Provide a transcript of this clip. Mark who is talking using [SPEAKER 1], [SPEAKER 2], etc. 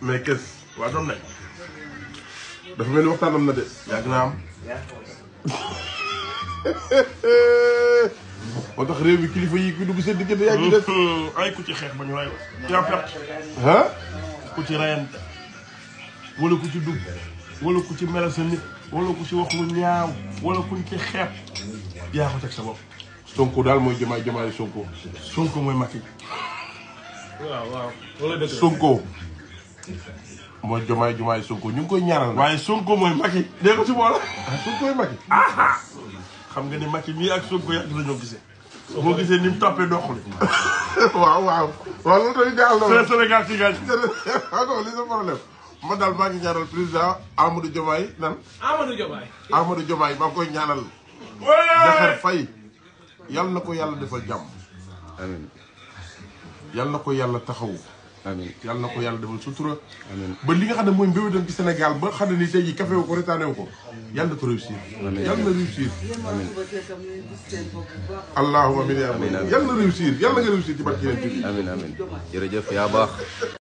[SPEAKER 1] mais kees waa doon dafa mel ni waxtaan am na de yàgg naa am moo tax réew mi kilifa yi ku dugg seen diggante yaa ngi ay ku ci xeex ba ñu rey la. yaa perte. ku ci reyante wala ku ci dugg wala ku ci mel sa nit wala ku ci wax lu ñaaw wala kuñ ci xeeb yaa ko teg sa bopp. Sonko daal mooy jamaay jamaay Sonko. Sonko mooy Macky. waaw moo Jomaay Jomaay Sonko ñu ngi koy ñaanal. waaye Sonko mooy Macky. dégg nga ci boole. ah Sonko Macky. Ah, ah. xam nga ni Macky mii ak Sonko yàgg nañoo gisee. boo gisee ni toppee doxul. waaw waaw. waaw loolu tamit ah daal maa ngi ñaanal président Amadou Diomaye nan. Amadou Diomaye. Amadou Diomaye koy ñaanal. Diakhar yal na ko yàlla defal jàmm. yal na ko yàlla taxawu. amiin yàlla na ko yàlla defal sutura amiin ba li nga xam ne mooy mbéwétam ci Sénégal ba xam ne ni tey jii café wu ko retaane wu ko yàlla na ko réussir yàlla na réussir allahuma amiin yaa yàlla na réussir yàlla nga réussir ci barke amiin amiin jërëjëf yaa baax